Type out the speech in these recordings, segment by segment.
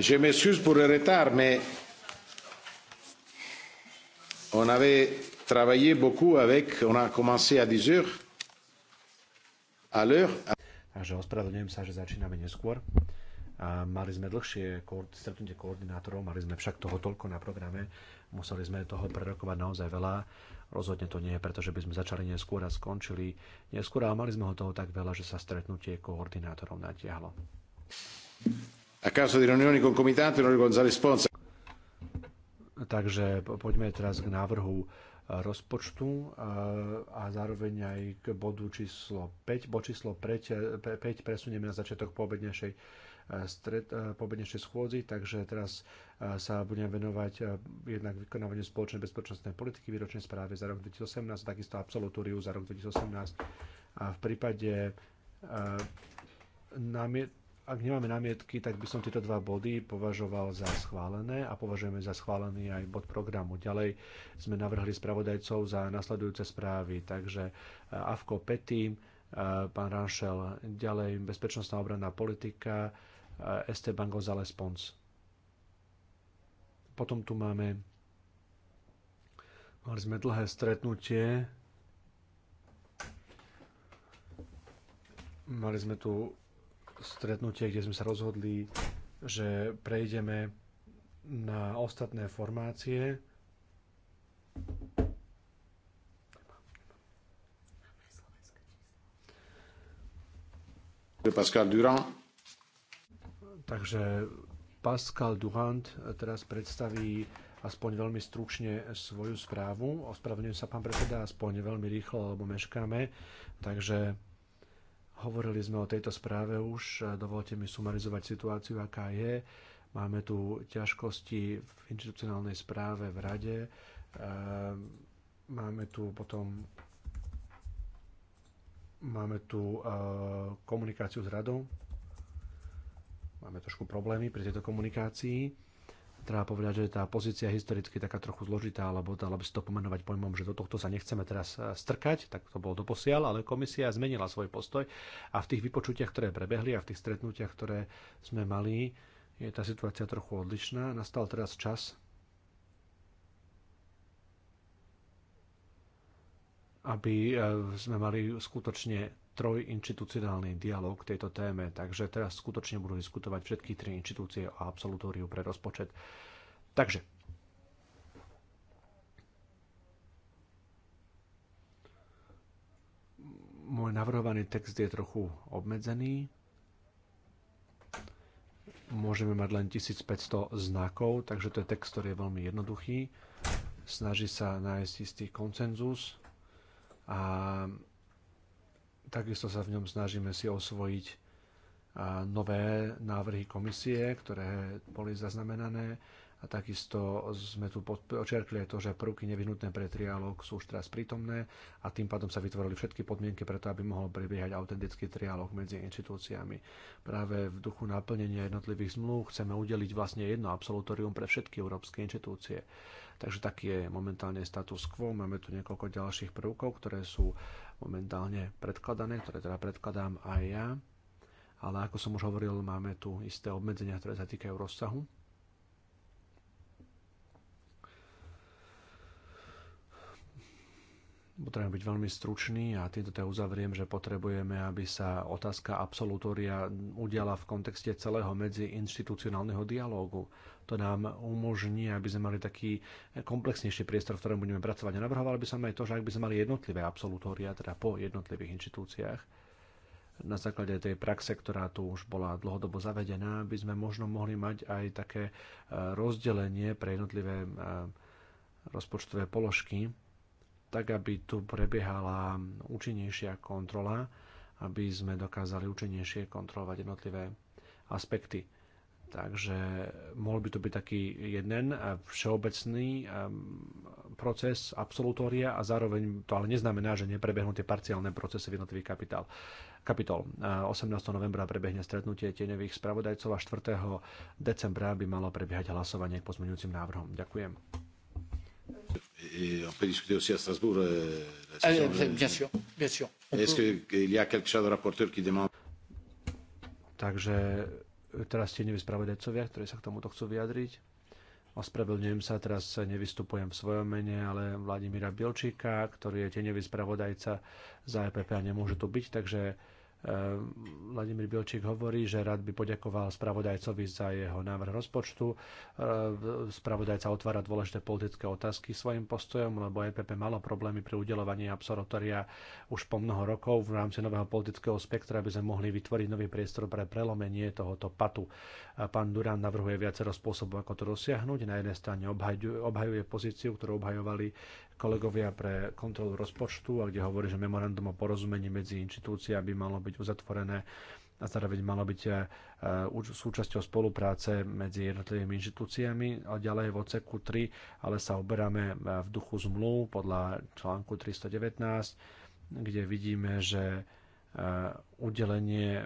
je m'excuse pour le retard mais on avait travaillé beaucoup avec on a commencé à 10 heures à l'heure Takže ospravedlňujem sa, že začíname neskôr. A mali sme dlhšie stretnutie koordinátorov, mali sme však toho toľko na programe, museli sme toho prerokovať naozaj veľa. Rozhodne to nie je, pretože by sme začali neskôr a skončili neskôr, ale mali sme ho toho tak veľa, že sa stretnutie koordinátorov natiahlo. A caso di riunioni concomitanti, Takže poďme teraz k návrhu e, rozpočtu e, a zároveň aj k bodu číslo 5. Bod číslo 5, 5 e, presunieme na začiatok poobednejšej pobednejšej schôdzi, takže teraz sa budem venovať jednak vykonávaniu spoločnej bezpečnostnej politiky výročnej správy za rok 2018, takisto absolutóriu za rok 2018. A v prípade námiet, ak nemáme námietky, tak by som tieto dva body považoval za schválené a považujeme za schválený aj bod programu. Ďalej sme navrhli spravodajcov za nasledujúce správy, takže eh, Avko Petý, eh, pán Ranšel, ďalej bezpečnostná obranná politika, eh, Esteban González Pons. Potom tu máme Mali sme dlhé stretnutie. Mali sme tu stretnutie, kde sme sa rozhodli, že prejdeme na ostatné formácie. Pascal Durand. Takže Pascal Durand teraz predstaví aspoň veľmi stručne svoju správu. Ospravedlňujem sa, pán predseda, aspoň veľmi rýchlo, lebo meškáme. Takže Hovorili sme o tejto správe už, dovolte mi sumarizovať situáciu, aká je. Máme tu ťažkosti v inštitucionálnej správe v rade. Ehm, máme tu potom máme tu e, komunikáciu s radou. Máme trošku problémy pri tejto komunikácii treba povedať, že tá pozícia je historicky taká trochu zložitá, alebo dalo by si to pomenovať pojmom, že do tohto sa nechceme teraz eh, strkať, tak to bolo doposiaľ, ale komisia zmenila svoj postoj a v tých vypočutiach, ktoré prebehli a v tých stretnutiach, ktoré sme mali, je tá situácia trochu odlišná. Nastal teraz čas, aby eh, sme mali skutočne trojinštitucionálny dialog k tejto téme, takže teraz skutočne budú diskutovať všetky tri inštitúcie o absolutóriu pre rozpočet. Takže môj navrhovaný text je trochu obmedzený. Môžeme mať len 1500 znakov, takže to je text, ktorý je veľmi jednoduchý. Snaží sa nájsť istý koncenzus a Takisto sa v ňom snažíme si osvojiť nové návrhy komisie, ktoré boli zaznamenané a takisto sme tu očerkli aj to, že prvky nevyhnutné pre trialóg sú už teraz prítomné a tým pádom sa vytvorili všetky podmienky preto, aby mohol prebiehať autentický trialóg medzi inštitúciami. Práve v duchu naplnenia jednotlivých zmluv chceme udeliť vlastne jedno absolutorium pre všetky európske inštitúcie. Takže taký je momentálne status quo. Máme tu niekoľko ďalších prvkov, ktoré sú momentálne predkladané, ktoré teda predkladám aj ja. Ale ako som už hovoril, máme tu isté obmedzenia, ktoré sa týkajú rozsahu Potrebujem byť veľmi stručný a týmto teda uzavriem, že potrebujeme, aby sa otázka absolutória udiala v kontexte celého medziinstitucionálneho dialógu. To nám umožní, aby sme mali taký komplexnejší priestor, v ktorom budeme pracovať. A navrhoval by som aj to, že ak by sme mali jednotlivé absolutória, teda po jednotlivých inštitúciách, na základe tej praxe, ktorá tu už bola dlhodobo zavedená, by sme možno mohli mať aj také eh, rozdelenie pre jednotlivé eh, rozpočtové položky, tak aby tu prebiehala účinnejšia kontrola, aby sme dokázali účinnejšie kontrolovať jednotlivé aspekty. Takže mohol by to byť taký jeden eh, všeobecný eh, proces absolutória a zároveň to ale neznamená, že neprebehnú tie parciálne procesy v jednotlivých kapitál. kapitol. 18. Eh, novembra prebehne stretnutie tieňových spravodajcov a 4. decembra by malo prebiehať hlasovanie k pozmeňujúcim návrhom. Ďakujem. Et on peut discuter aussi à Strasbourg. Euh, la eh, session, eh, de... bien sûr, bien sûr. Est-ce peut... qu'il y a quelque chose de rapporteur qui demande Takže e, teraz tie nevyspravodajcovia, ktorí sa k tomuto chcú vyjadriť. Ospravedlňujem sa, teraz nevystupujem v svojom mene, ale Vladimíra Bielčíka, ktorý je tenevý spravodajca za EPP a nemôže tu byť, takže Ehm, Vladimír Bilčík hovorí, že rád by poďakoval spravodajcovi za jeho návrh rozpočtu. Ehm, spravodajca otvára dôležité politické otázky svojim postojom, lebo EPP malo problémy pri udelovaní absolutória už po mnoho rokov v rámci nového politického spektra, aby sme mohli vytvoriť nový priestor pre prelomenie tohoto patu. Pán Durán navrhuje viacero spôsobov, ako to dosiahnuť. Na jednej strane obhajuje pozíciu, ktorú obhajovali kolegovia pre kontrolu rozpočtu, a kde hovorí, že memorandum o porozumení medzi inštitúciami malo byť byť uzatvorené a zároveň malo byť eh, súčasťou spolupráce medzi jednotlivými inštitúciami. A ďalej v oceku 3, ale sa oberáme eh, v duchu zmluv podľa článku 319, kde vidíme, že eh, udelenie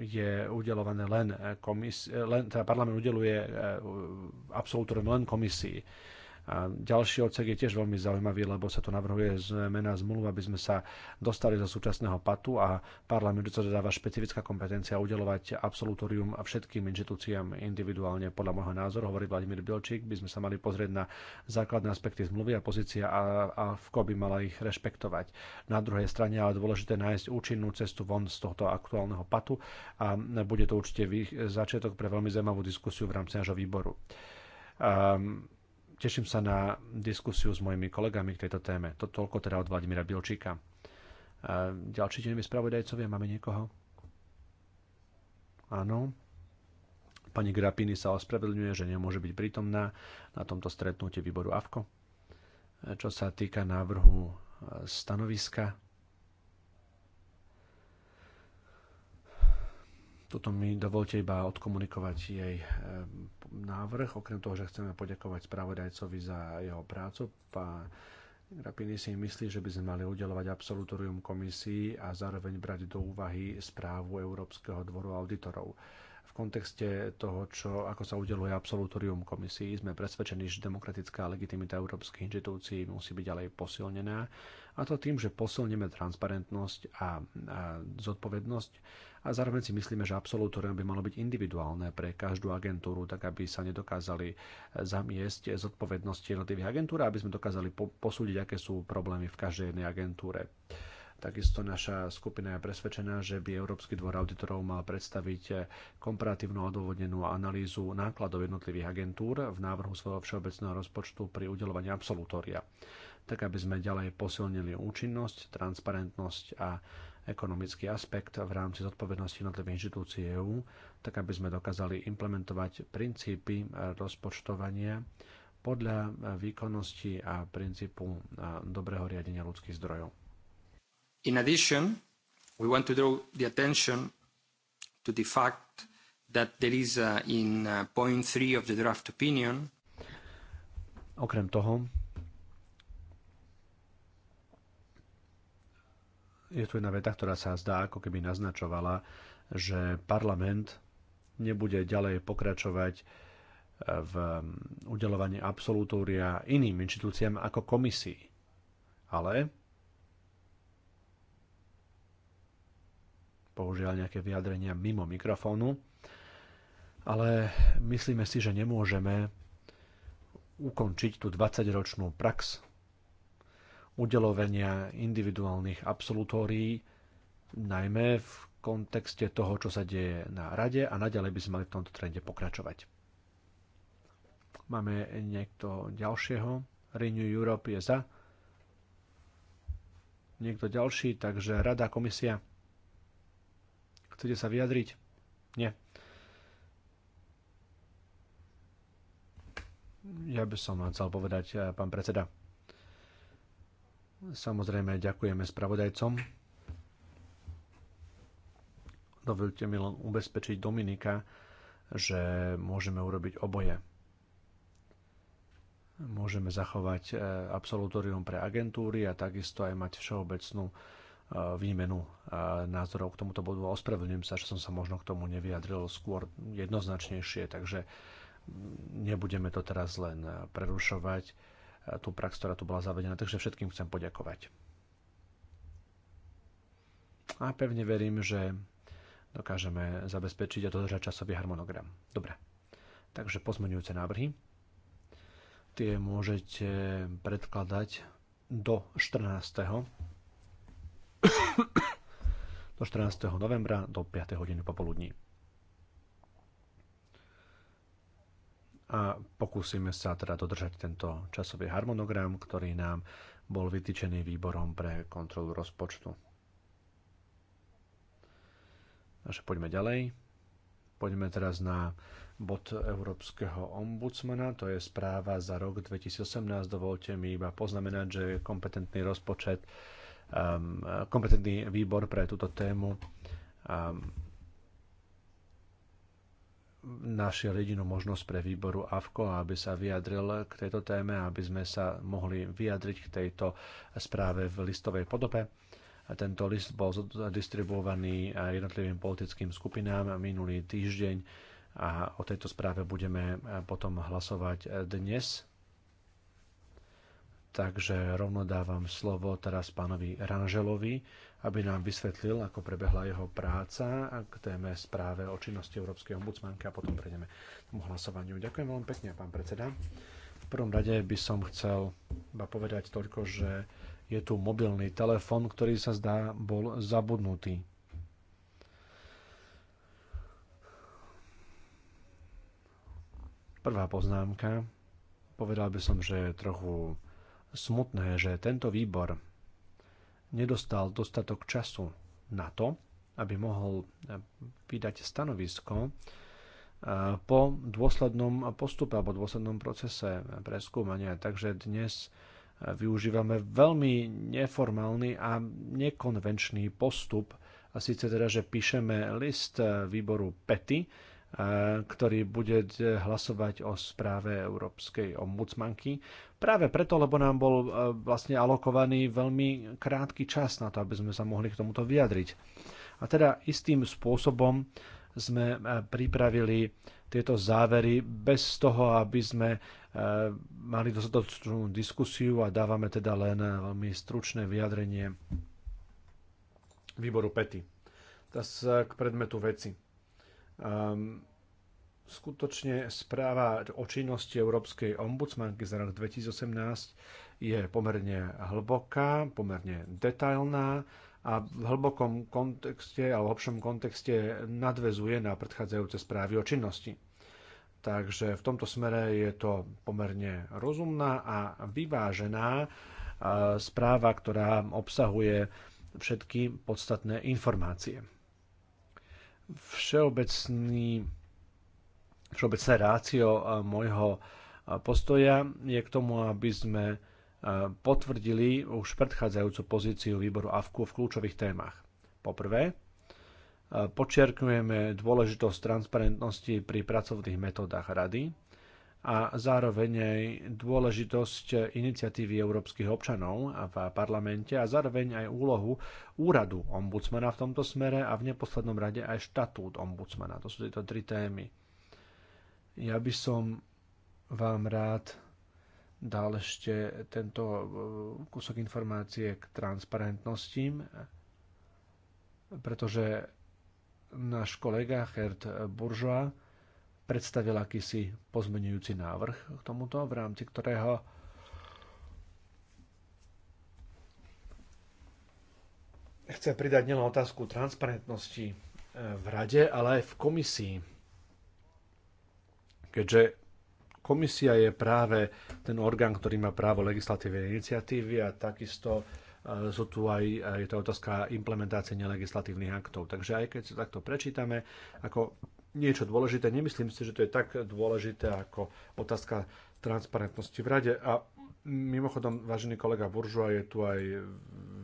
je udelované len komisii, len, teda parlament udeluje absolutorium len komisii a ďalší odsek je tiež veľmi zaujímavý, lebo sa tu navrhuje zmena zmluv, aby sme sa dostali zo súčasného patu a parlamentu sa dáva špecifická kompetencia udelovať absolutórium všetkým inštitúciám individuálne. Podľa môjho názoru, hovorí Vladimír Bilčík, by sme sa mali pozrieť na základné aspekty zmluvy a pozícia a, a v by mala ich rešpektovať. Na druhej strane ale dôležité nájsť účinnú cestu von z tohto aktuálneho patu a bude to určite začiatok pre veľmi zaujímavú diskusiu v rámci nášho výboru. Um, Teším sa na diskusiu s mojimi kolegami k tejto téme. To toľko teda od Vladimíra Bilčíka. E, ďalší deň spravodajcovia, máme niekoho? Áno. Pani Grapini sa ospravedlňuje, že nemôže byť prítomná na tomto stretnutí výboru AVKO. E, čo sa týka návrhu e, stanoviska, Toto mi dovolte iba odkomunikovať jej eh, návrh. Okrem toho, že chceme poďakovať spravodajcovi za jeho prácu, pán Rapini si myslí, že by sme mali udelovať absolutorium komisii a zároveň brať do úvahy správu Európskeho dvoru auditorov. V kontexte toho, čo, ako sa udeluje absolutorium komisii, sme presvedčení, že demokratická legitimita európskych inštitúcií musí byť ďalej posilnená. A to tým, že posilneme transparentnosť a, a zodpovednosť a zároveň si myslíme, že absolutórium by malo byť individuálne pre každú agentúru, tak aby sa nedokázali e, zamiesť zodpovednosti jednotlivých agentúr, aby sme dokázali posúdiť, aké sú problémy v každej jednej agentúre. Takisto naša skupina je presvedčená, že by Európsky dvor auditorov mal predstaviť e, komparatívnu odôvodnenú analýzu nákladov jednotlivých agentúr v návrhu svojho všeobecného rozpočtu pri udelovaní absolutória, tak aby sme ďalej posilnili účinnosť, transparentnosť a ekonomický aspekt v rámci zodpovednosti jednotlivých inštitúcií EÚ, tak aby sme dokázali implementovať princípy rozpočtovania podľa výkonnosti a princípu dobrého riadenia ľudských zdrojov. In addition, we want to draw the attention to the fact that there is uh, in uh, point three of the draft opinion. Okrem toho, je tu jedna veta, ktorá sa zdá, ako keby naznačovala, že parlament nebude ďalej pokračovať eh, v mm, udelovaní absolutória iným inštitúciám ako komisii. Ale použiaľ nejaké vyjadrenia mimo mikrofónu, ale myslíme si, že nemôžeme ukončiť tú 20-ročnú prax udelovania individuálnych absolutórií, najmä v kontexte toho, čo sa deje na rade a naďalej by sme mali v tomto trende pokračovať. Máme niekto ďalšieho. Renew Europe je za. Niekto ďalší, takže rada, komisia. Chcete sa vyjadriť? Nie. Ja by som vám chcel povedať, pán predseda. Samozrejme, ďakujeme spravodajcom. Dovolte mi len ubezpečiť Dominika, že môžeme urobiť oboje. Môžeme zachovať e, absolutorium pre agentúry a takisto aj mať všeobecnú e, výmenu e, názorov k tomuto bodu. Ospravedlňujem sa, že som sa možno k tomu nevyjadril skôr jednoznačnejšie, takže nebudeme to teraz len prerušovať tú prax, ktorá tu bola zavedená. Takže všetkým chcem poďakovať. A pevne verím, že dokážeme zabezpečiť a dodržať časový harmonogram. Dobre, takže pozmenujúce návrhy. Tie môžete predkladať do 14. do 14. novembra do 5. hodiny popoludní. a pokúsime sa teda dodržať tento časový harmonogram, ktorý nám bol vytýčený výborom pre kontrolu rozpočtu. Takže poďme ďalej. Poďme teraz na bod Európskeho ombudsmana, to je správa za rok 2018. Dovolte mi iba poznamenať, že kompetentný rozpočet, um, kompetentný výbor pre túto tému um, našiel jedinú možnosť pre výboru AVKO, aby sa vyjadril k tejto téme, aby sme sa mohli vyjadriť k tejto správe v listovej podobe. Tento list bol distribuovaný jednotlivým politickým skupinám minulý týždeň a o tejto správe budeme potom hlasovať dnes Takže rovno dávam slovo teraz pánovi Ranželovi, aby nám vysvetlil, ako prebehla jeho práca a k téme správe o činnosti Európskej ombudsmanky a potom prejdeme k tomu hlasovaniu. Ďakujem veľmi pekne, pán predseda. V prvom rade by som chcel iba povedať toľko, že je tu mobilný telefon, ktorý sa zdá bol zabudnutý. Prvá poznámka. Povedal by som, že je trochu smutné, že tento výbor nedostal dostatok času na to, aby mohol eh, vydať stanovisko eh, po dôslednom postupe alebo dôslednom procese eh, preskúmania. Takže dnes využívame veľmi neformálny a nekonvenčný postup, a síce teda, že píšeme list výboru PETI, E, ktorý bude hlasovať o správe Európskej ombudsmanky. Práve preto, lebo nám bol e, vlastne alokovaný veľmi krátky čas na to, aby sme sa mohli k tomuto vyjadriť. A teda istým spôsobom sme e, pripravili tieto závery bez toho, aby sme mali dostatočnú diskusiu a dávame teda len veľmi stručné vyjadrenie výboru PETI. Teraz k predmetu veci. Um, skutočne správa o činnosti Európskej ombudsmanky za rok 2018 je pomerne hlboká, pomerne detailná a v hlbokom kontexte a v hlbšom kontexte nadvezuje na predchádzajúce správy o činnosti. Takže v tomto smere je to pomerne rozumná a vyvážená e, správa, ktorá obsahuje všetky podstatné informácie. Všeobecný, všeobecné rácio môjho postoja je k tomu, aby sme potvrdili už predchádzajúcu pozíciu výboru AFKU v kľúčových témach. Poprvé, počiarkujeme dôležitosť transparentnosti pri pracovných metodách rady a zároveň aj dôležitosť iniciatívy európskych občanov v parlamente a zároveň aj úlohu úradu ombudsmana v tomto smere a v neposlednom rade aj štatút ombudsmana. To sú tieto tri témy. Ja by som vám rád dal ešte tento eh, kúsok informácie k transparentnosti, pretože náš kolega Gert Buržoa predstavil akýsi pozmenujúci návrh k tomuto, v rámci ktorého chce pridať nielen otázku transparentnosti eh, v rade, ale aj v komisii. Keďže komisia je práve ten orgán, ktorý má právo legislatívnej iniciatívy a takisto eh, sú tu aj, eh, je to otázka implementácie nelegislatívnych aktov. Takže aj keď sa takto prečítame, ako niečo dôležité. Nemyslím si, že to je tak dôležité ako otázka transparentnosti v rade. A mimochodom, vážený kolega Buržua, je tu aj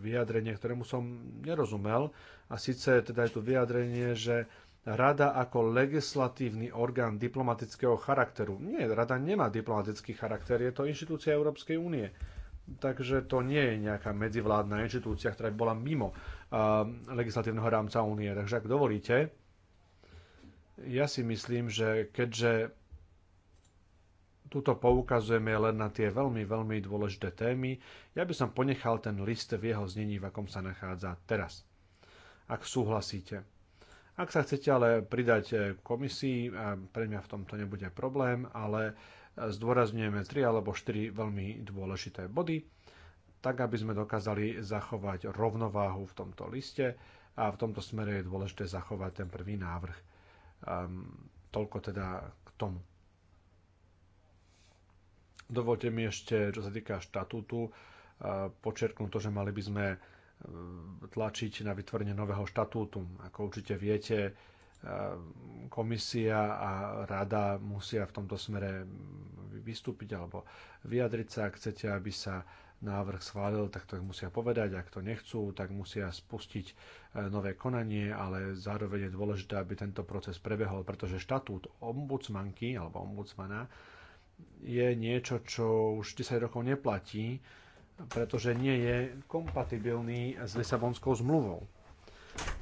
vyjadrenie, ktorému som nerozumel. A síce teda je tu vyjadrenie, že Rada ako legislatívny orgán diplomatického charakteru. Nie, rada nemá diplomatický charakter, je to inštitúcia Európskej únie. Takže to nie je nejaká medzivládna inštitúcia, ktorá by bola mimo uh, legislatívneho rámca únie. Takže ak dovolíte, ja si myslím, že keďže tuto poukazujeme len na tie veľmi, veľmi dôležité témy, ja by som ponechal ten list v jeho znení, v akom sa nachádza teraz. Ak súhlasíte. Ak sa chcete ale pridať e, komisii, pre mňa v tomto nebude problém, ale e, zdôrazňujeme 3 alebo 4 veľmi dôležité body, tak aby sme dokázali zachovať rovnováhu v tomto liste a v tomto smere je dôležité zachovať ten prvý návrh. Ehm, toľko teda k tomu. Dovolte mi ešte, čo sa týka štatútu, ehm, počerknúť to, že mali by sme ehm, tlačiť na vytvorenie nového štatútu. Ako určite viete, komisia a rada musia v tomto smere vystúpiť alebo vyjadriť sa, ak chcete, aby sa návrh schválil, tak to musia povedať. Ak to nechcú, tak musia spustiť e, nové konanie, ale zároveň je dôležité, aby tento proces prebehol, pretože štatút ombudsmanky alebo ombudsmana je niečo, čo už 10 rokov neplatí, pretože nie je kompatibilný s Lisabonskou zmluvou.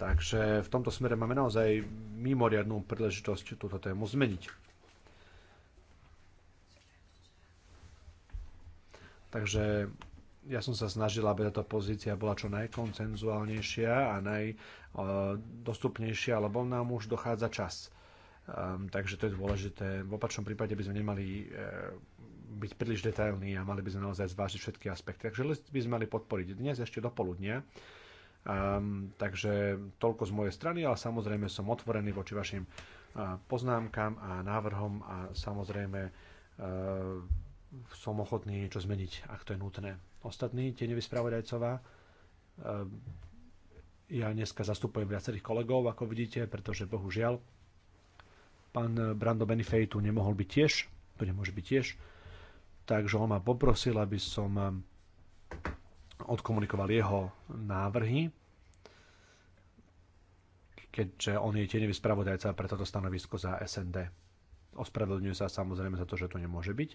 Takže v tomto smere máme naozaj mimoriadnú príležitosť túto tému zmeniť. Takže ja som sa snažil, aby táto pozícia bola čo najkoncenzuálnejšia a najdostupnejšia, lebo nám už dochádza čas. Um, takže to je dôležité. V opačnom prípade by sme nemali e, byť príliš detailní a mali by sme naozaj zvážiť všetky aspekty. Takže list by sme mali podporiť dnes ešte do poludnia. Um, takže toľko z mojej strany, ale samozrejme som otvorený voči vašim uh, poznámkam a návrhom a samozrejme uh, som ochotný niečo zmeniť, ak to je nutné. Ostatní, tie spravodajcová, eh, ja dneska zastupujem viacerých kolegov, ako vidíte, pretože bohužiaľ pán Brando Benifej tu nemohol byť tiež, tu nemôže byť tiež, takže on ma poprosil, aby som eh, odkomunikoval jeho návrhy, keďže on je tieňový spravodajca pre toto stanovisko za SND. Ospravedlňuje sa samozrejme za to, že to nemôže byť.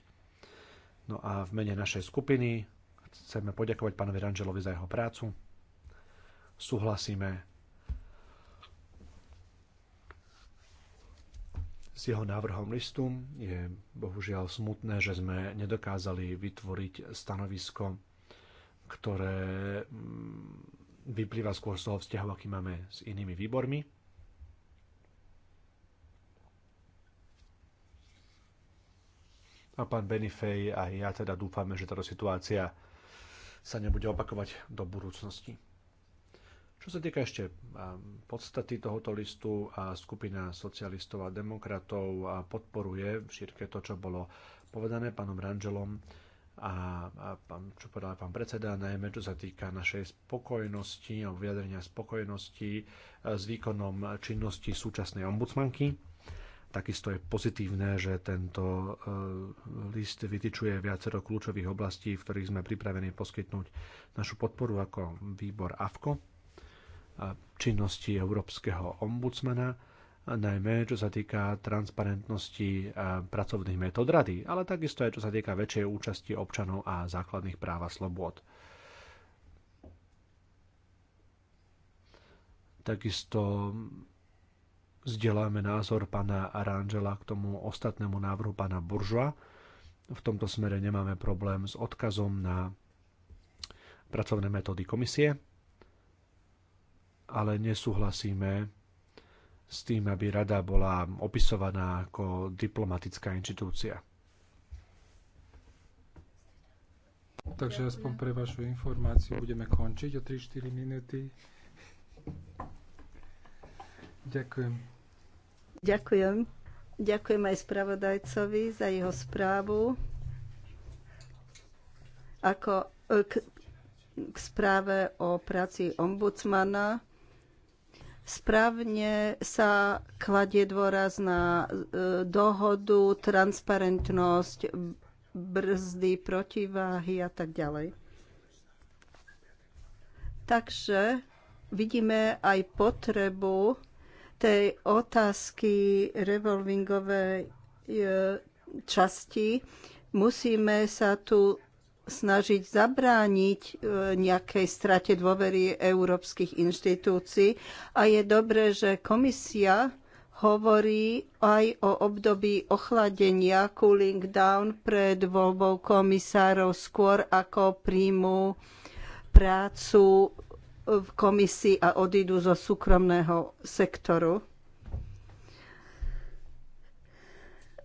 No a v mene našej skupiny chceme poďakovať pánovi Rangelovi za jeho prácu. Súhlasíme s jeho návrhom listu. Je bohužiaľ smutné, že sme nedokázali vytvoriť stanovisko, ktoré mm, vyplýva skôr z toho vzťahu, aký máme s inými výbormi. A pán Benifej a ja teda dúfame, že táto situácia sa nebude opakovať do budúcnosti. Čo sa týka ešte podstaty tohoto listu, a skupina socialistov a demokratov podporuje v šírke to, čo bolo povedané pánom Rangelom a, a pán, čo povedal pán predseda, najmä čo sa týka našej spokojnosti a vyjadrenia spokojnosti e, s výkonom činnosti súčasnej ombudsmanky Takisto je pozitívne, že tento e, list vytičuje viacero kľúčových oblastí, v ktorých sme pripravení poskytnúť našu podporu ako výbor AFKO, e, činnosti Európskeho ombudsmana, najmä čo sa týka transparentnosti e, pracovných metód rady, ale takisto aj čo sa týka väčšej účasti občanov a základných práv a slobôd. Takisto Zdieľame názor pána Aranžela k tomu ostatnému návrhu pána Buržua. V tomto smere nemáme problém s odkazom na pracovné metódy komisie, ale nesúhlasíme s tým, aby rada bola opisovaná ako diplomatická inštitúcia. Takže aspoň pre vašu informáciu budeme končiť o 3-4 minúty. Ďakujem. Ďakujem. Ďakujem aj spravodajcovi za jeho správu. Ako e, k, k správe o práci ombudsmana. Správne sa kladie dôraz na e, dohodu, transparentnosť, brzdy, protiváhy a tak ďalej. Takže vidíme aj potrebu tej otázky revolvingovej e, časti musíme sa tu snažiť zabrániť e, nejakej strate dôvery európskych inštitúcií a je dobré, že komisia hovorí aj o období ochladenia cooling down pred voľbou komisárov skôr ako príjmu prácu v komisii a odídu zo súkromného sektoru.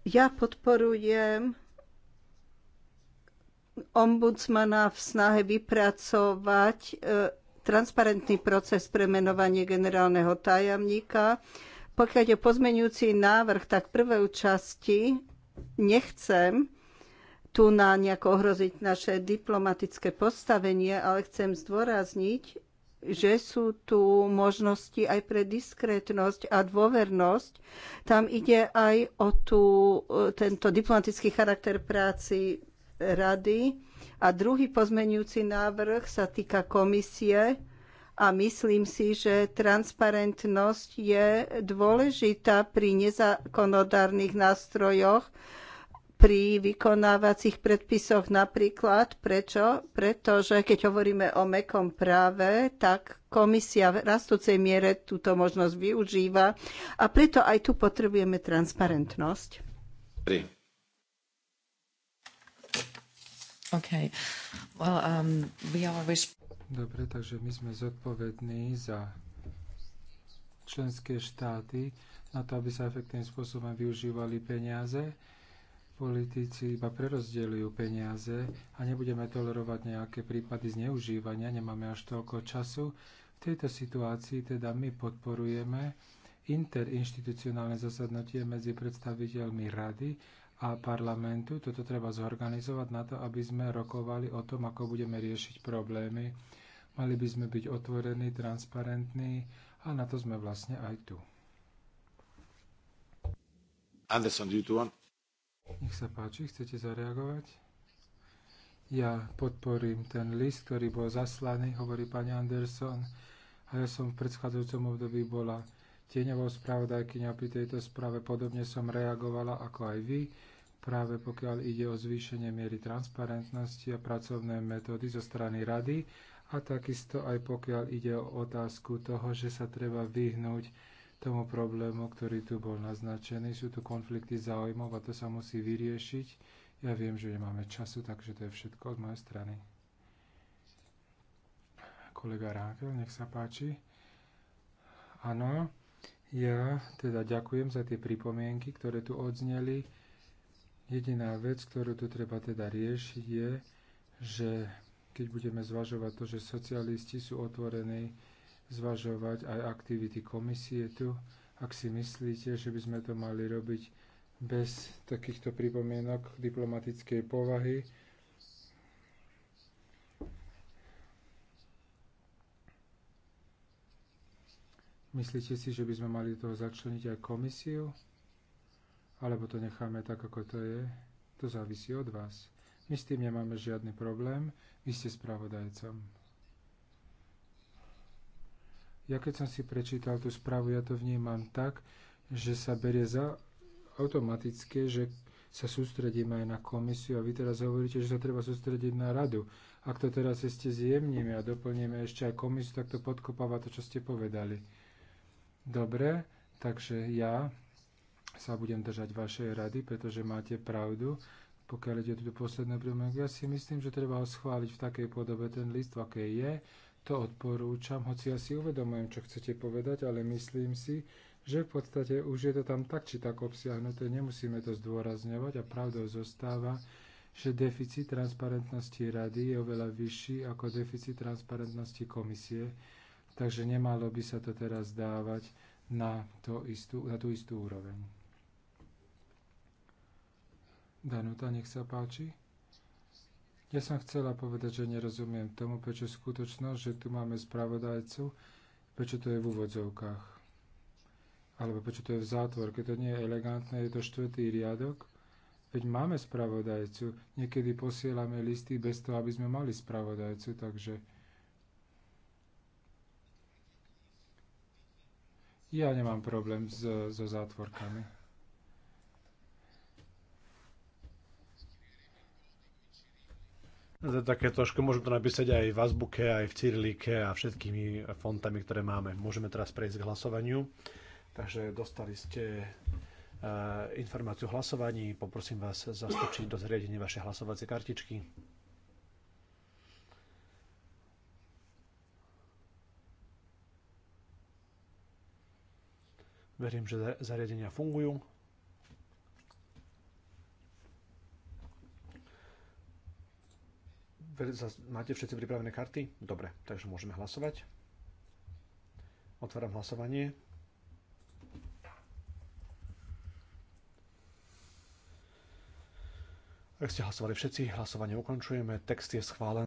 Ja podporujem ombudsmana v snahe vypracovať e, transparentný proces pre menovanie generálneho tajomníka. Pokiaľ je pozmenujúci návrh, tak prvej časti nechcem tu na nejako ohroziť naše diplomatické postavenie, ale chcem zdôrazniť, že sú tu možnosti aj pre diskrétnosť a dôvernosť. Tam ide aj o tú, e, tento diplomatický charakter práci rady. A druhý pozmenujúci návrh sa týka komisie a myslím si, že transparentnosť je dôležitá pri nezákonodárnych nástrojoch, pri vykonávacích predpisoch napríklad. Prečo? Pretože keď hovoríme o mekom práve, tak komisia v rastúcej miere túto možnosť využíva a preto aj tu potrebujeme transparentnosť. Okay. Well, um, we are... Dobre, takže my sme zodpovední za členské štáty na to, aby sa efektívnym spôsobom využívali peniaze politici iba prerozdeľujú peniaze a nebudeme tolerovať nejaké prípady zneužívania, nemáme až toľko času. V tejto situácii teda my podporujeme interinštitucionálne zasadnutie medzi predstaviteľmi rady a parlamentu. Toto treba zorganizovať na to, aby sme rokovali o tom, ako budeme riešiť problémy. Mali by sme byť otvorení, transparentní a na to sme vlastne aj tu. Anderson, do you want nech sa páči, chcete zareagovať? Ja podporím ten list, ktorý bol zaslaný, hovorí pani Anderson. A ja som v predchádzajúcom období bola tieňovou spravodajkyňa pri tejto správe. Podobne som reagovala ako aj vy, práve pokiaľ ide o zvýšenie miery transparentnosti a pracovné metódy zo strany rady a takisto aj pokiaľ ide o otázku toho, že sa treba vyhnúť tomu problému, ktorý tu bol naznačený. Sú tu konflikty záujmov a to sa musí vyriešiť. Ja viem, že nemáme času, takže to je všetko z mojej strany. Kolega Rákel, nech sa páči. Áno, ja teda ďakujem za tie pripomienky, ktoré tu odzneli. Jediná vec, ktorú tu treba teda riešiť, je, že keď budeme zvažovať to, že socialisti sú otvorení zvažovať aj aktivity komisie tu, ak si myslíte, že by sme to mali robiť bez takýchto pripomienok diplomatickej povahy. Myslíte si, že by sme mali do toho začleniť aj komisiu? Alebo to necháme tak, ako to je? To závisí od vás. My s tým nemáme žiadny problém. Vy ste spravodajcom. Ja keď som si prečítal tú správu, ja to vnímam tak, že sa berie za automatické, že sa sústredíme aj na komisiu a vy teraz hovoríte, že sa treba sústrediť na radu. Ak to teraz ešte zjemníme a doplníme ešte aj komisiu, tak to podkopáva to, čo ste povedali. Dobre, takže ja sa budem držať vašej rady, pretože máte pravdu. Pokiaľ ide o tú poslednú pripomienku, ja si myslím, že treba ho schváliť v takej podobe ten list, aké je to odporúčam, hoci ja si uvedomujem, čo chcete povedať, ale myslím si, že v podstate už je to tam tak či tak obsiahnuté, nemusíme to zdôrazňovať a pravdou zostáva, že deficit transparentnosti rady je oveľa vyšší ako deficit transparentnosti komisie, takže nemalo by sa to teraz dávať na, to istú, na tú istú úroveň. Danuta, nech sa páči. Ja som chcela povedať, že nerozumiem tomu, prečo skutočnosť, že tu máme spravodajcu, prečo to je v úvodzovkách. Alebo prečo to je v zátvorke. To nie je elegantné, je to štvrtý riadok. Veď máme spravodajcu. Niekedy posielame listy bez toho, aby sme mali spravodajcu, takže... Ja nemám problém so, so zátvorkami. To také trošku môžeme to napísať aj v azbuke, aj v cyrilike a všetkými fontami, ktoré máme. Môžeme teraz prejsť k hlasovaniu. Takže dostali ste eh, informáciu o hlasovaní. Poprosím vás zastočiť do zriadenia vaše hlasovacie kartičky. Verím, že zariadenia fungujú. Máte všetci pripravené karty? Dobre, takže môžeme hlasovať. Otváram hlasovanie. Ak ste hlasovali všetci, hlasovanie ukončujeme. Text je schválený.